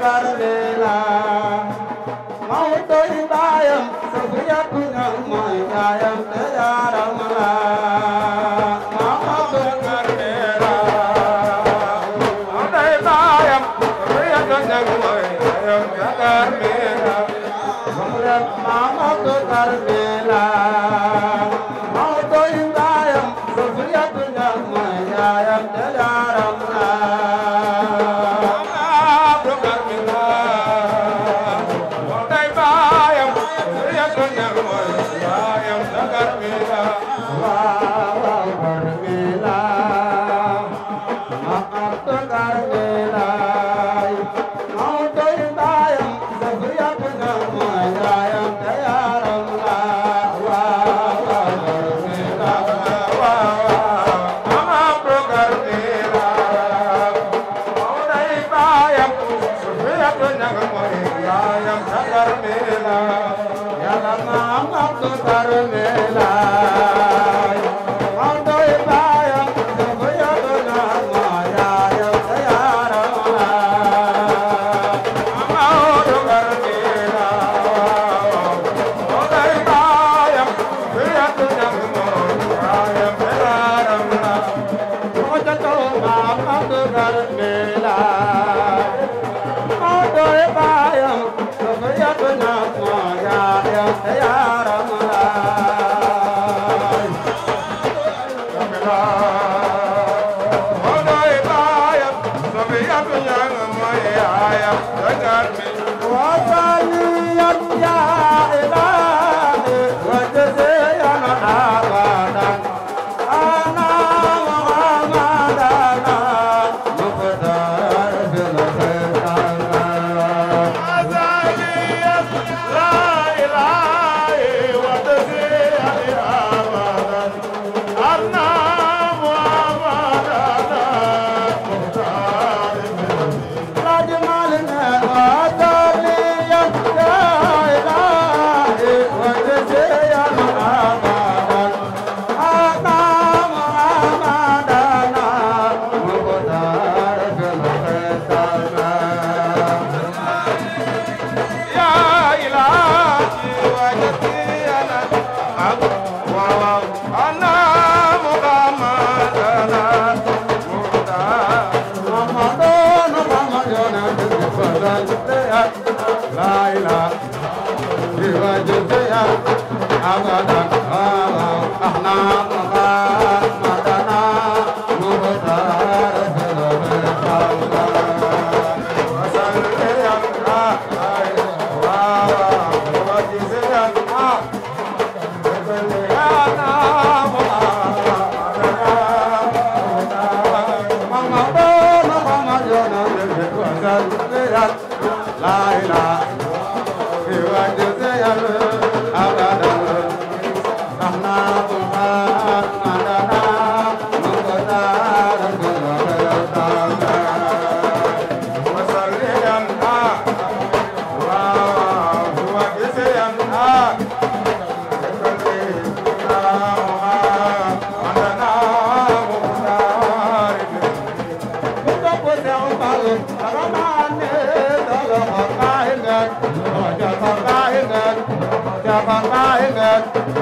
Gardela mawtoy baayam Safiyatu ñal mooy yaayam te yaaram la Mama lá. بوجدها أبدا أحنا Bye-bye.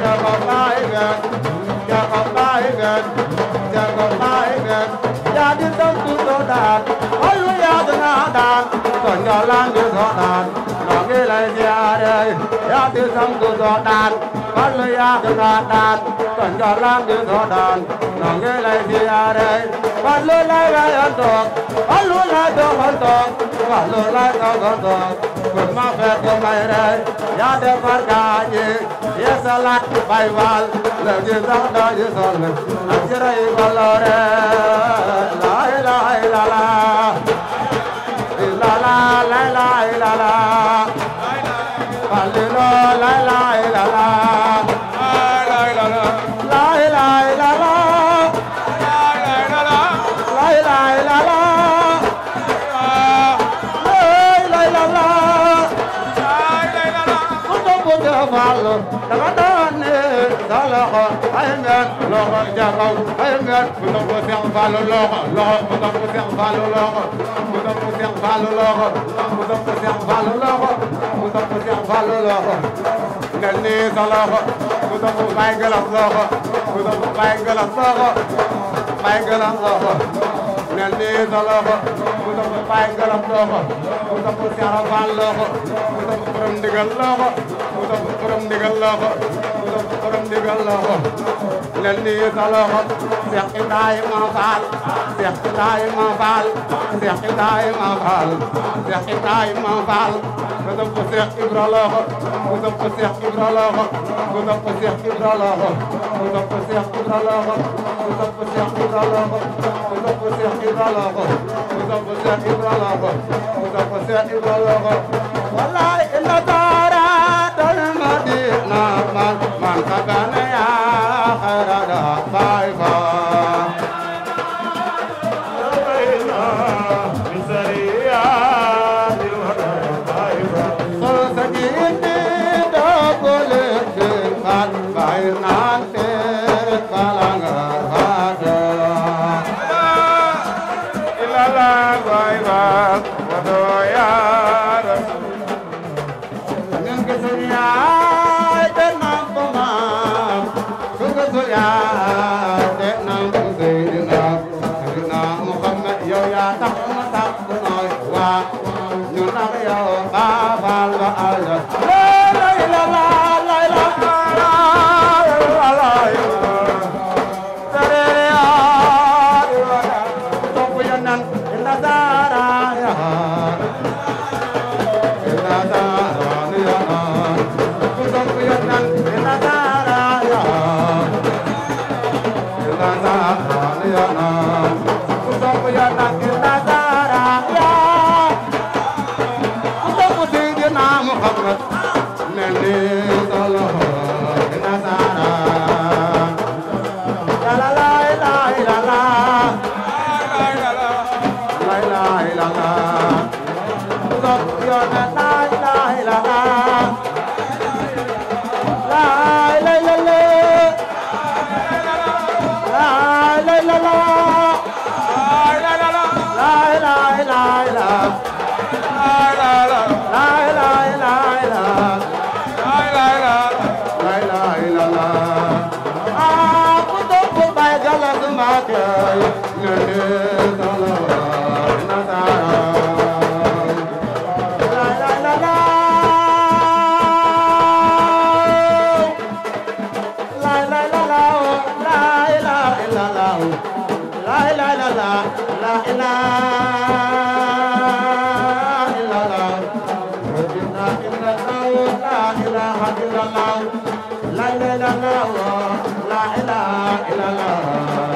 nhỏ lan đưa gió đàn nó nghe lời nhà đây ya tư sông đưa gió đàn bắt lời ya đưa gió đàn còn nhỏ lan đưa gió đàn nó nghe lời nhà đây bắt lời lại lại ăn tuộc bắt lời lại đưa ăn tuộc bắt lời lại đưa ăn tuộc quên mà về quên lại đây ya đưa phát cả gì yeesalaat Baay Faal la ngeen tax doo ji sonn ak jërëjëf Balore wàllu dafa doon ne sa loxo ay mer loxo jakaw ay mer bu doon ko seex faalu loxo loxo bu doon ko seex faalu loxo bu doon ko seex faalu loxo bu doon ko seex faalu loxo bu doon ko seex faalu loxo nga nii sa loxo bu doon ko bàyyi galas loxo bu doon ko bàyyi galas loxo bàyyi galas loxo nga nii sa loxo bu doon ko bàyyi galas loxo bu doon ko seex faal loxo bu doon ko borom ndigal loxo borom ndigal la xool borom ndigal la xool len nii ka la xool Seex Ibrahima Faal Seex Ibrahima Faal Seex Ibrahima Faal Seex Ibrahima Faal ku sopp Seex Ibra la xool ku sopp Seex Ibra la xool ku sopp Seex Ibra la xool ku sopp Seex Ibra la xool ku sopp Seex Ibra la xool ku sopp Seex Ibra la xool ku sopp Seex Ibra la xool ku sopp Seex Ibra la xool wallaay illa taay Baianá Yo, yo, yo, yo, illallah la ilaha illallah